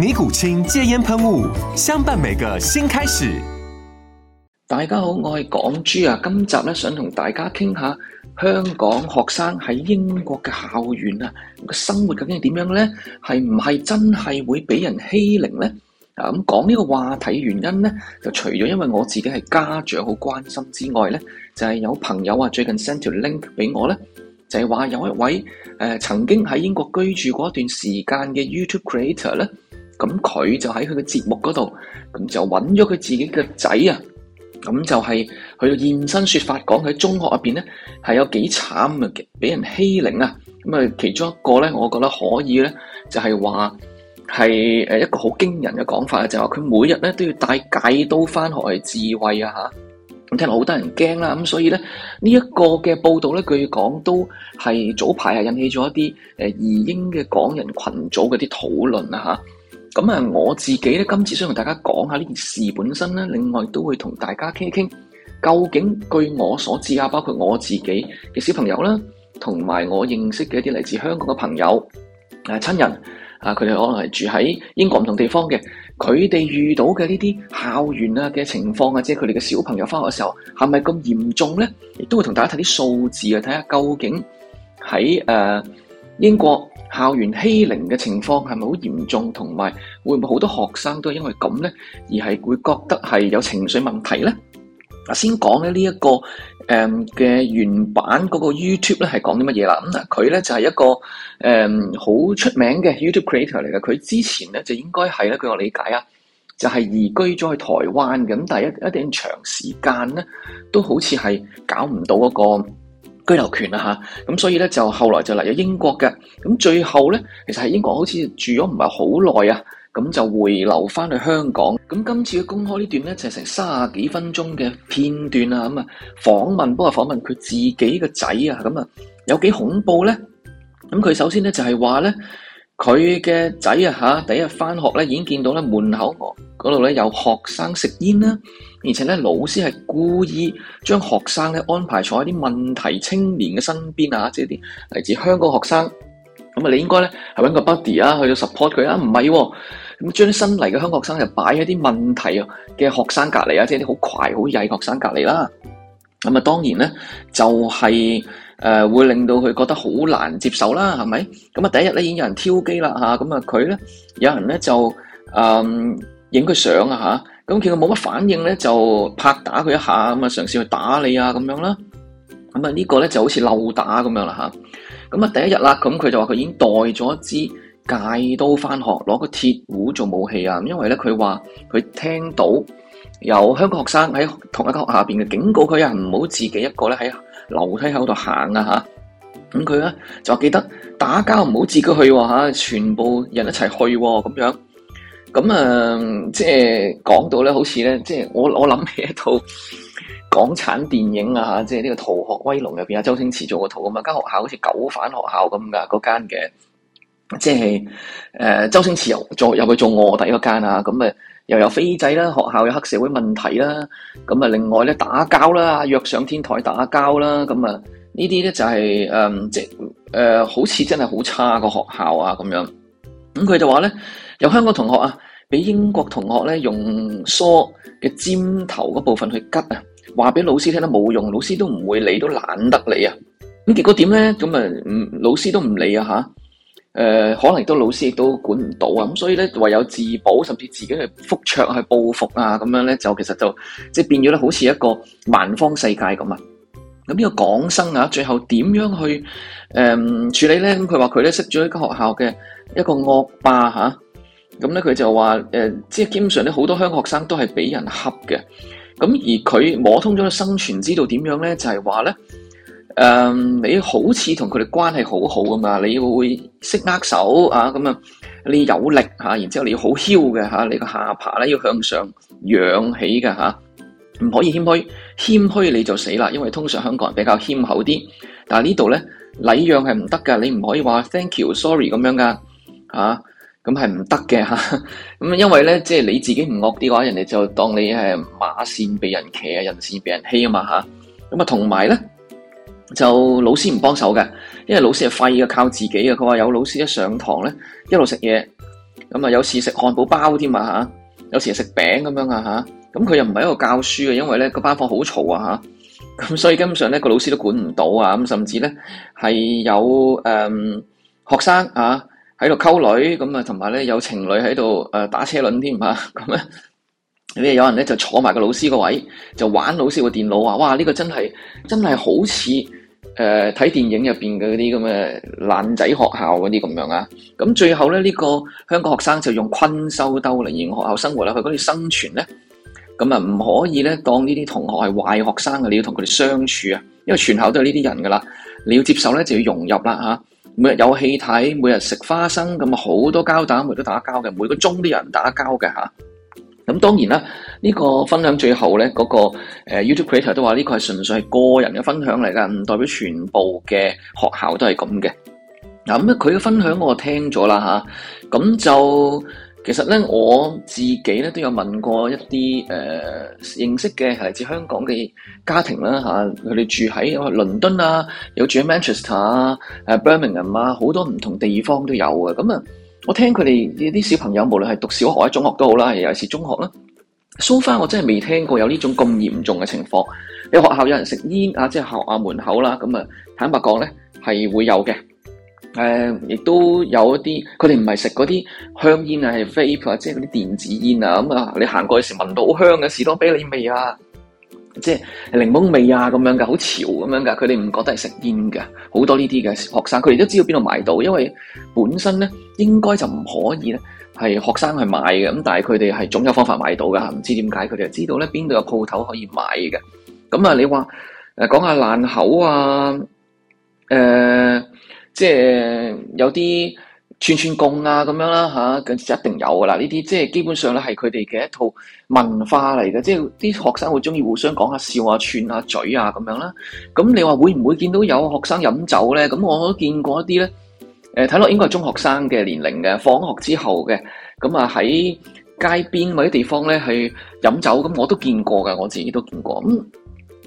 尼古清戒煙噴霧，相伴每個新開始。大家好，我係港豬啊。今集咧想同大家傾下香港學生喺英國嘅校園啊，個生活究竟係點樣咧？係唔係真係會俾人欺凌咧？啊咁講呢個話題原因咧，就除咗因為我自己係家長好關心之外咧，就係、是、有朋友啊最近 send 條 link 俾我咧，就係、是、話有一位誒、呃、曾經喺英國居住過一段時間嘅 YouTube Creator 咧。咁佢就喺佢嘅節目嗰度，咁就揾咗佢自己嘅仔啊，咁就係去現身說法，講佢喺中學入面咧係有幾慘啊，俾人欺凌啊，咁啊其中一個咧，我覺得可以咧，就係話係一個好驚人嘅講法啊。就係話佢每日咧都要帶 𠝹 刀翻學嚟自衛啊吓，咁聽落好得人驚啦，咁所以咧呢一個嘅報道咧，據講都係早排係引起咗一啲誒移英嘅港人群組嗰啲討論啊吓。咁啊，我自己咧今次想同大家講下呢件事本身咧，另外都會同大家傾一傾，究竟據我所知啊，包括我自己嘅小朋友啦，同埋我認識嘅一啲嚟自香港嘅朋友啊、親人啊，佢哋可能係住喺英國唔同地方嘅，佢哋遇到嘅呢啲校園啊嘅情況啊，即係佢哋嘅小朋友返學嘅時候係咪咁嚴重咧？亦都會同大家睇啲數字啊，睇下究竟喺誒、呃、英國。校園欺凌嘅情況係咪好嚴重？同埋會唔會好多學生都因為咁呢？而係會覺得係有情緒問題呢？啊、這個，先講咧呢一個誒嘅原版嗰個 YouTube 咧係講啲乜嘢啦？咁、呃、啊，佢呢就係一個誒好出名嘅 YouTube Creator 嚟嘅。佢之前呢，就應該係咧據我理解啊，就係、是、移居咗去台灣咁，但係一一段長時間呢，都好似係搞唔到嗰個。居留權啊嚇，咁所以咧就後來就嚟咗英國嘅，咁最後咧其實喺英國好似住咗唔係好耐啊，咁就回流翻去香港。咁今次嘅公開呢段咧就係成三十幾分鐘嘅片段啊，咁啊，訪問，不過訪問佢自己個仔啊，咁啊有幾恐怖咧？咁佢首先咧就係話咧。佢嘅仔啊，第一日翻學咧，已經見到咧門口嗰度咧有學生食煙啦，而且咧老師係故意將學生咧安排坐喺啲問題青年嘅身邊啊，即係啲嚟自香港，香港學生。咁啊，你應該咧係搵個 buddy 啊，去到 support 佢啊，唔係咁將新嚟嘅香港學生就擺喺啲問題嘅學生隔離啊，即係啲好快好曳學生隔離啦。咁啊，當然咧就係、是。誒、呃、會令到佢覺得好難接受啦，係咪？咁啊，第一日咧已經有人挑機啦吓，咁啊佢咧有人咧就誒影佢相啊吓，咁見佢冇乜反應咧就拍打佢一下，咁啊嘗試去打你啊咁樣啦，咁啊呢個咧就好似漏打咁樣啦吓，咁啊第一日啦，咁佢就話佢已經袋咗支 𠝹 刀返學，攞個鐵壺做武器啊，因為咧佢話佢聽到有香港學生喺同一間學校入面嘅警告佢啊，唔好自己一個咧喺樓梯口度行啊吓，咁佢咧就話記得打交唔好自己去喎、啊、吓，全部人一齊去咁、啊、樣，咁啊、嗯、即係講到咧，好似咧即係我我諗起一套港產電影啊吓，即係呢、這個《逃學威龍》入邊啊，周星馳做個圖咁啊，間學校好似狗反學校咁噶，嗰間嘅。即係誒、呃，周星馳又做入去做臥底嗰間啊，咁、啊、誒又有飛仔啦、啊，學校有黑社會問題啦，咁啊，啊另外咧打交啦、啊，約上天台打交啦，咁啊，啊這些呢啲咧就係誒即誒，好似真係好差個學校啊咁樣。咁、嗯、佢就話咧，有香港同學啊，俾英國同學咧、啊、用梳嘅尖頭嗰部分去吉啊，話俾老師聽咧冇用，老師都唔會理，都懶得理啊。咁、嗯、結果點咧？咁、嗯、啊，老師都唔理啊吓。啊誒、呃，可能亦都老師亦都管唔到啊，咁所以咧唯有自保，甚至自己去復仇去報復啊，咁樣咧就其實就即係變咗咧，好似一個萬方世界咁啊。咁、嗯、呢、這個港生啊，最後點樣去誒、嗯、處理咧？咁佢話佢咧識咗一個學校嘅一個惡霸吓，咁咧佢就話誒，即、呃、係基本上咧好多香港學生都係俾人恰嘅，咁而佢摸通咗生存之道點樣咧，就係話咧。誒、um，你好似同佢哋關係好好㗎嘛，你要會識握手啊，咁啊，你有力嚇、啊，然之後你要好囂嘅嚇，你個下巴咧要向上仰起㗎，唔、啊、可以謙虛，謙虛你就死啦，因為通常香港人比較謙厚啲，但係呢度咧禮讓係唔得㗎，你唔可以話 thank you sorry 咁樣㗎嚇，咁係唔得嘅嚇，咁、啊、因為咧即係你自己唔惡啲嘅話，人哋就當你係馬善被人騎啊，人善被人欺，人被人欺啊嘛嚇，咁啊同埋咧。就老師唔幫手嘅，因為老師係廢嘅，靠自己嘅。佢話有老師一上堂咧，一路食嘢，咁啊有時食漢堡包添啊嚇，有時食餅咁樣啊嚇。咁佢又唔係一個教書嘅，因為咧個班房好嘈啊嚇，咁所以根本上咧個老師都管唔到啊。咁甚至咧係有誒、嗯、學生啊喺度溝女，咁啊同埋咧有情侶喺度誒打車輪添啊。咁咧有有人咧就坐埋個老師個位，就玩老師個電腦啊。哇！呢、呢個真係真係好似～誒、呃，睇電影入邊嘅嗰啲咁嘅爛仔學校嗰啲咁樣啊，咁最後咧呢、呢個香港學生就用困獸鬥嚟形容學校生活啦，佢嗰啲生存咧，咁啊唔可以咧當呢啲同學係壞學生嘅，你要同佢哋相處啊，因為全校都係呢啲人噶啦，你要接受咧就要融入啦吓，每日有戲睇，每日食花生，咁啊好多膠打，每日都打交嘅，每個鐘都有人打交嘅吓。啊咁當然啦，呢、這個分享最後咧，嗰、那個、呃、YouTube creator 都話呢個係純粹係個人嘅分享嚟㗎，唔代表全部嘅學校都係咁嘅。嗱、嗯，咁咧佢嘅分享我聽咗啦吓，咁、啊、就其實咧我自己咧都有問過一啲誒、呃、認識嘅係嚟自香港嘅家庭啦吓，佢、啊、哋住喺我倫敦啊，有住喺 Manchester 啊、誒 Birmingham 啊，好、啊、多唔同地方都有嘅，咁、嗯、啊。我聽佢哋啲小朋友，無論係讀小學或中學都好啦，尤其是中學啦、so far 我真係未聽過有呢種咁嚴重嘅情況。你學校有人食煙啊，即係學校門口啦，咁啊，坦白講咧係會有嘅。誒、呃，亦都有一啲，佢哋唔係食嗰啲香煙是 vapor, 啊，係 vape 或者嗰啲電子煙啊，咁啊，你行過嘅時候聞到好香嘅士多啤梨味啊！即係檸檬味啊，咁樣嘅好潮咁樣噶，佢哋唔覺得係食煙噶，好多呢啲嘅學生，佢哋都知道邊度買到，因為本身咧應該就唔可以咧，係學生去買嘅，咁但係佢哋係總有方法買到嘅，唔知點解佢哋知道咧邊度有鋪頭可以買嘅，咁啊你話誒講下爛口啊，誒、呃、即係有啲。串串貢啊，咁樣啦，吓咁就一定有噶啦。呢啲即係基本上咧，係佢哋嘅一套文化嚟嘅，即係啲學生會中意互相講下笑啊、串下、啊、嘴啊咁樣啦。咁、嗯、你話會唔會見到有學生飲酒咧？咁、嗯、我都見過一啲咧。誒、呃，睇落應該係中學生嘅年齡嘅，放學之後嘅，咁啊喺街邊或者地方咧去飲酒，咁、嗯、我都見過噶，我自己都見過。咁、嗯、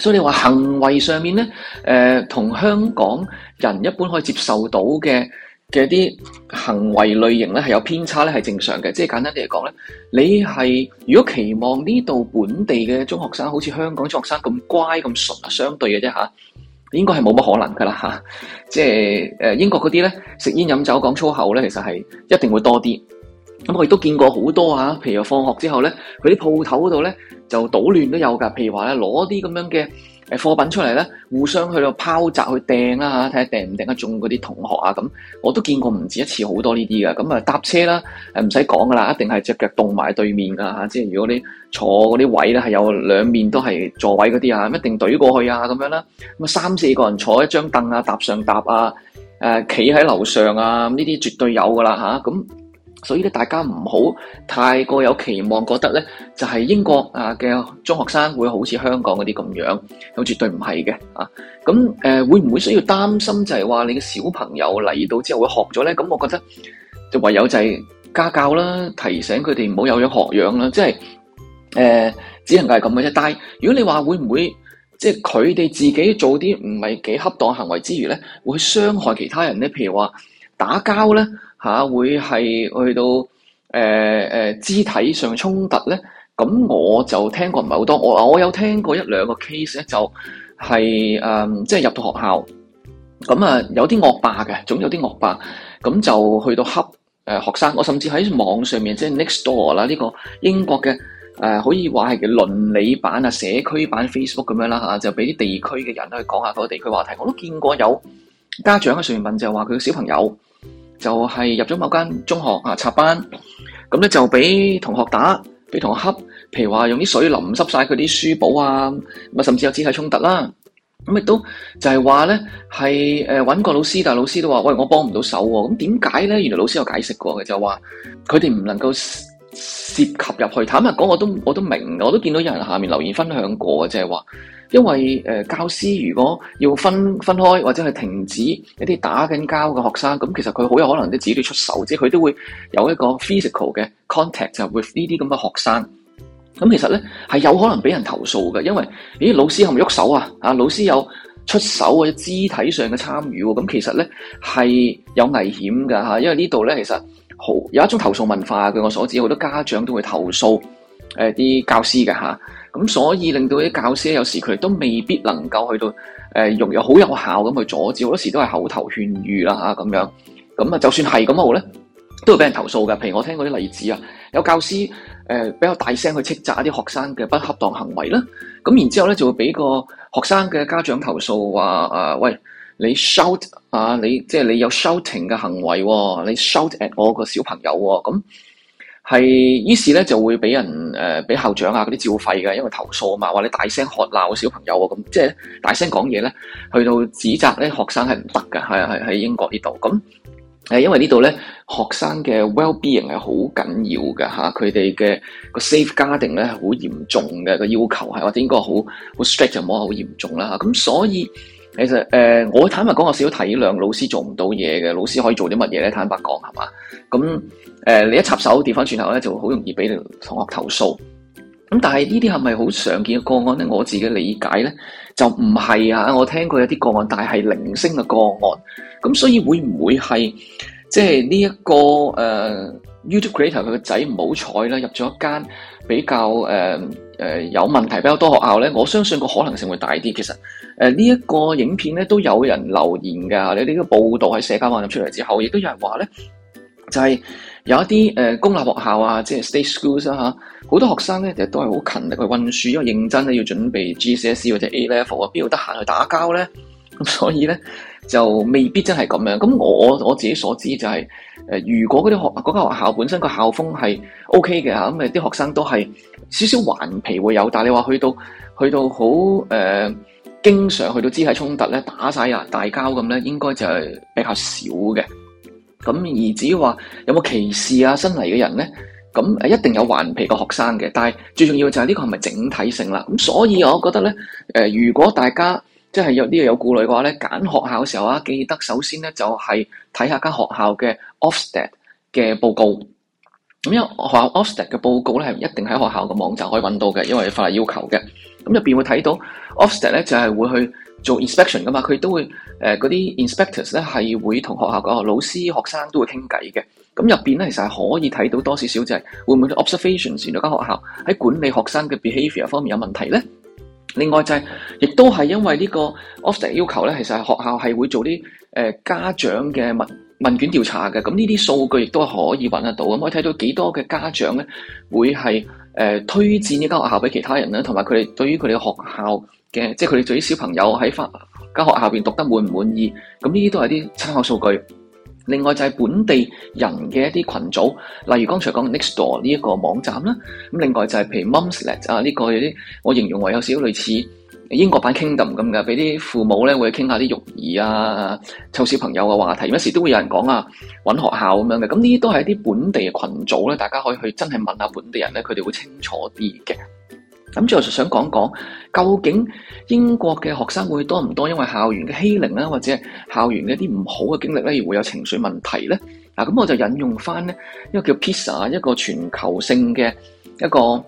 所以你話行為上面咧，誒、呃，同香港人一般可以接受到嘅。嘅啲行為類型咧係有偏差咧係正常嘅，即係簡單啲嚟講咧，你係如果期望呢度本地嘅中學生好似香港中學生咁乖咁純啊，相對嘅啫嚇，應該係冇乜可能噶啦吓，即係誒，英國嗰啲咧食煙飲酒講粗口咧，其實係一定會多啲。咁我亦都見過好多啊，譬如話放學之後咧，佢啲鋪頭嗰度咧就搗亂都有噶，譬如話咧攞啲咁樣嘅。誒貨品出嚟咧，互相去到拋擲去掟啊！睇下掟唔掟得中嗰啲同學啊咁，我都見過唔止一次好多、嗯、呢啲㗎。咁啊！搭車啦，唔使講噶啦，一定係隻腳棟埋對面噶、啊、即係如果你坐嗰啲位咧係有兩面都係座位嗰啲啊，一定懟過去啊咁樣啦。咁啊三四個人坐一張凳啊，搭上搭啊，誒企喺樓上啊，呢、嗯、啲絕對有噶啦咁。啊嗯所以咧，大家唔好太過有期望，覺得咧就係英國啊嘅中學生會好似香港嗰啲咁樣，咁絕對唔係嘅啊。咁誒，會唔會需要擔心就係話你嘅小朋友嚟到之後會學咗咧？咁我覺得就唯有就係家教啦，提醒佢哋唔好有樣學樣啦。即係誒，只能夠係咁嘅啫。但係如果你話會唔會即係佢哋自己做啲唔係幾恰當行為之餘咧，會去傷害其他人咧？譬如話打交咧。下會係去到誒誒、呃呃、肢體上衝突咧，咁我就聽過唔係好多，我我有聽過一兩個 case 咧、就是，就係誒即係入到學校，咁啊有啲惡霸嘅，總有啲惡霸咁就去到恰誒學生。我甚至喺網上面即係 Nextdoor 啦，呢個英國嘅誒、呃、可以話係嘅倫理版、區版啊、社區版 Facebook 咁樣啦嚇，就俾啲地區嘅人去講下嗰個地區話題。我都見過有家長喺上面問就話佢嘅小朋友。就係、是、入咗某間中學啊，插班咁咧就俾同學打，俾同學恰，譬如話用啲水淋濕晒佢啲書簿啊，咁啊甚至有肢體衝突啦、啊，咁亦都就係話咧係誒搵過老師，但係老師都話喂我幫唔到手喎、啊，咁點解咧？原來老師有解釋過嘅，就話佢哋唔能夠。涉及入去，坦白講，我都我都明，我都見到有人下面留言分享過，即係話，因為誒、呃，教師如果要分分開或者係停止一啲打緊交嘅學生，咁其實佢好有可能都自己出手，即係佢都會有一個 physical 嘅 contact 就 with 呢啲咁嘅學生。咁其實呢係有可能俾人投訴嘅，因為咦，老師係咪喐手啊？啊，老師有出手或者肢體上嘅參與，咁其實呢係有危險噶吓、啊，因為這裏呢度呢其實。好有一種投訴文化，據我所知，好多家長都會投訴誒啲、呃、教師嘅嚇，咁、啊、所以令到啲教師有時佢哋都未必能夠去到誒用有好有效咁去阻止，好多時都係口頭勸喻啦嚇咁樣，咁啊就算係咁好咧，都會俾人投訴嘅。譬如我聽過啲例子啊，有教師誒、呃、比較大聲去斥責一啲學生嘅不恰當行為啦，咁然之後咧就會俾個學生嘅家長投訴話啊、呃、喂。你 shout 啊！你即係你有 shouting 嘅行為喎，你 shout at 我個小朋友喎，咁係於是咧就會俾人誒俾、呃、校長啊嗰啲照肺嘅，因為投訴啊嘛，話你大聲喝鬧個小朋友喎，咁即係大聲講嘢咧，去到指責啲學生係唔得嘅，係係喺英國呢度咁誒，因為這裡呢度咧學生嘅 well being 係好緊要嘅嚇，佢哋嘅個 safe guarding 咧係好嚴重嘅、個要求，係或者應該好好 strict 又唔好話好嚴重啦嚇，咁、啊、所以。其實誒、呃，我坦白講，我有少少體諒老師做唔到嘢嘅。老師可以做啲乜嘢咧？坦白講係嘛？咁誒、呃，你一插手調翻轉頭咧，就好容易俾你同學投訴。咁但係呢啲係咪好常見嘅個案咧？我自己理解咧，就唔係啊。我聽過有啲個案，但係零星嘅個案。咁所以會唔會係即係呢一個誒、呃、YouTube Creator 佢嘅仔唔好彩啦入咗一間比較誒、呃誒、呃，有問題比較多學校咧，我相信個可能性會大啲。其實，誒呢一個影片咧都有人留言㗎，你、這、呢個報道喺社交網站出嚟之後，亦都有人話咧，就係、是、有一啲、呃、公立學校啊，即係 state schools 啊，好多學生咧其實都係好勤力去運輸，因為認真咧要準備 GCSE 或者 A level 啊，邊度得閒去打交咧？咁所以咧。就未必真係咁樣。咁我我自己所知就係、是呃，如果嗰啲學嗰間、那個、學校本身個校風係 O K 嘅吓，咁、嗯、啲學生都係少少頑皮會有，但係你話去到去到好誒、呃，經常去到肢體衝突咧，打晒呀大交咁咧，應該就係比較少嘅。咁、嗯、而至於話有冇歧視啊，新嚟嘅人咧，咁、嗯嗯、一定有頑皮嘅學生嘅。但係最重要就係呢個係咪整體性啦。咁、嗯、所以我覺得咧、呃，如果大家即係有啲、這個、有顧慮嘅話咧，揀學校嘅時候啊，記得首先咧就係睇下間學校嘅 Ofsted 嘅報告。咁、嗯、因為學校 Ofsted 嘅報告咧係一定喺學校嘅網站可以揾到嘅，因為法律要求嘅。咁入邊會睇到 Ofsted 咧就係、是、會去做 inspection 噶嘛，佢都會誒嗰啲 inspectors 咧係會同學校嘅老師、學生都會傾偈嘅。咁入邊咧其實係可以睇到多少少就係、是、會唔會 observation 前咗間學校喺管理學生嘅 behavior 方面有問題咧？另外就係、是，亦都係因為呢個 Ofsted 要求咧，其實係學校係會做啲誒、呃、家長嘅問問卷調查嘅。咁呢啲數據亦都係可以揾得到，咁可以睇到幾多嘅家長咧會係誒、呃、推薦呢間學校俾其他人咧，同埋佢哋對於佢哋嘅學校嘅，即係佢哋對啲小朋友喺翻間學校入邊讀得滿唔滿意。咁呢啲都係啲參考數據。另外就係本地人嘅一啲群組，例如剛才講 Nextdoor 呢一個網站啦，咁另外就係譬如 Mumsnet 啊呢個有啲，我形容為有少少類似英國版 Kingdom 咁嘅，俾啲父母咧會傾下啲育兒啊、湊小朋友嘅話題，有時都會有人講啊揾學校咁樣嘅，咁呢啲都係一啲本地嘅群組咧，大家可以去真係問下本地人咧，佢哋會清楚啲嘅。咁，最後就想講講究竟英國嘅學生會多唔多？因為校園嘅欺凌咧，或者校園嘅一啲唔好嘅經歷咧，而會有情緒問題咧。嗱，咁我就引用翻咧一個叫 PISA 一個全球性嘅一個誒、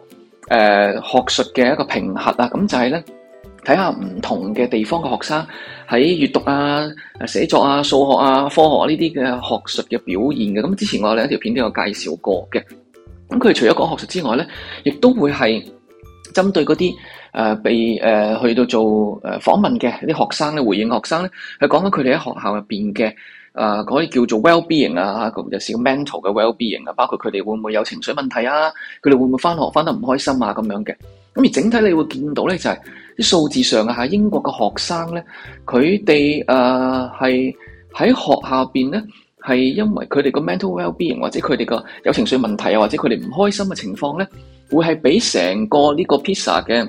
呃、學術嘅一個評核啊。咁就係咧睇下唔同嘅地方嘅學生喺閱讀啊、寫作啊、數學啊、科學呢啲嘅學術嘅表現嘅。咁之前我有兩條片都有介紹過嘅。咁佢除咗講學術之外咧，亦都會係。針對嗰啲誒被誒、呃、去到做訪、呃、問嘅啲學生咧，回應學生咧，係講緊佢哋喺學校入面嘅誒可以叫做 well-being 啊，咁就試、是、個 mental 嘅 well-being 啊，包括佢哋會唔會有情緒問題啊，佢哋會唔會返學返得唔開心啊咁樣嘅。咁而整體你會見到咧，就係啲數字上啊，吓英國嘅學生咧，佢哋誒係喺學校入面咧，係因為佢哋個 mental well-being 或者佢哋個有情緒問題啊，或者佢哋唔開心嘅情況咧。會係比成個呢個 pizza 嘅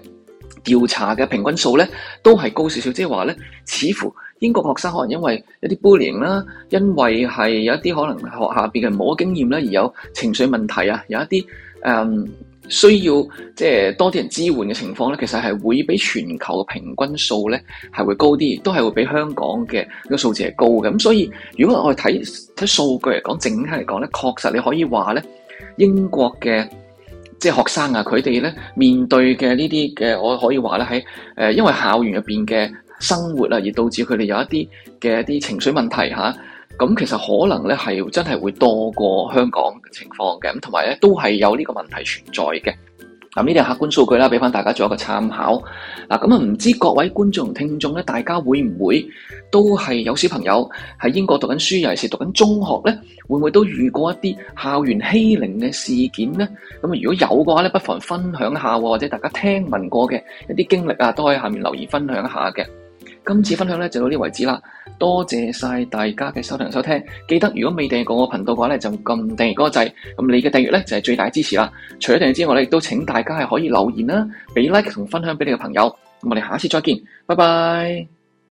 調查嘅平均數咧，都係高少少。即係話咧，似乎英國學生可能因為一啲 bullying 啦，因為係有一啲可能學校入邊嘅人冇經驗啦，而有情緒問題啊，有一啲誒、嗯、需要即係多啲人支援嘅情況咧，其實係會比全球嘅平均數咧係會高啲，都係會比香港嘅、這個數字係高嘅。咁所以如果我哋睇睇數據嚟講，整體嚟講咧，確實你可以話咧，英國嘅。即係學生啊，佢哋咧面對嘅呢啲嘅，我可以話咧喺誒，因為校園入邊嘅生活啊，而導致佢哋有一啲嘅一啲情緒問題嚇。咁、啊嗯、其實可能咧係真係會多過香港嘅情況嘅，咁同埋咧都係有呢都是有這個問題存在嘅。嗱，呢啲係客觀數據啦，俾翻大家做一個參考。嗱，咁啊，唔知各位觀眾同聽眾咧，大家會唔會都係有小朋友喺英國讀緊書，尤其是讀緊中學咧，會唔會都遇過一啲校園欺凌嘅事件咧？咁啊，如果有嘅話咧，不妨分享下喎，或者大家聽聞過嘅一啲經歷啊，都可以下面留言分享下嘅。今次分享咧，就到呢度為止啦，多謝晒大家嘅收聽收聽，記得如果未訂閱過我嘅頻道嘅話咧就撳訂閱嗰個掣，咁你嘅訂閱咧就係最大支持啦。除咗訂閱之外咧，亦都請大家係可以留言啦，俾 like 同分享俾你嘅朋友。咁我哋下一次再見，拜拜。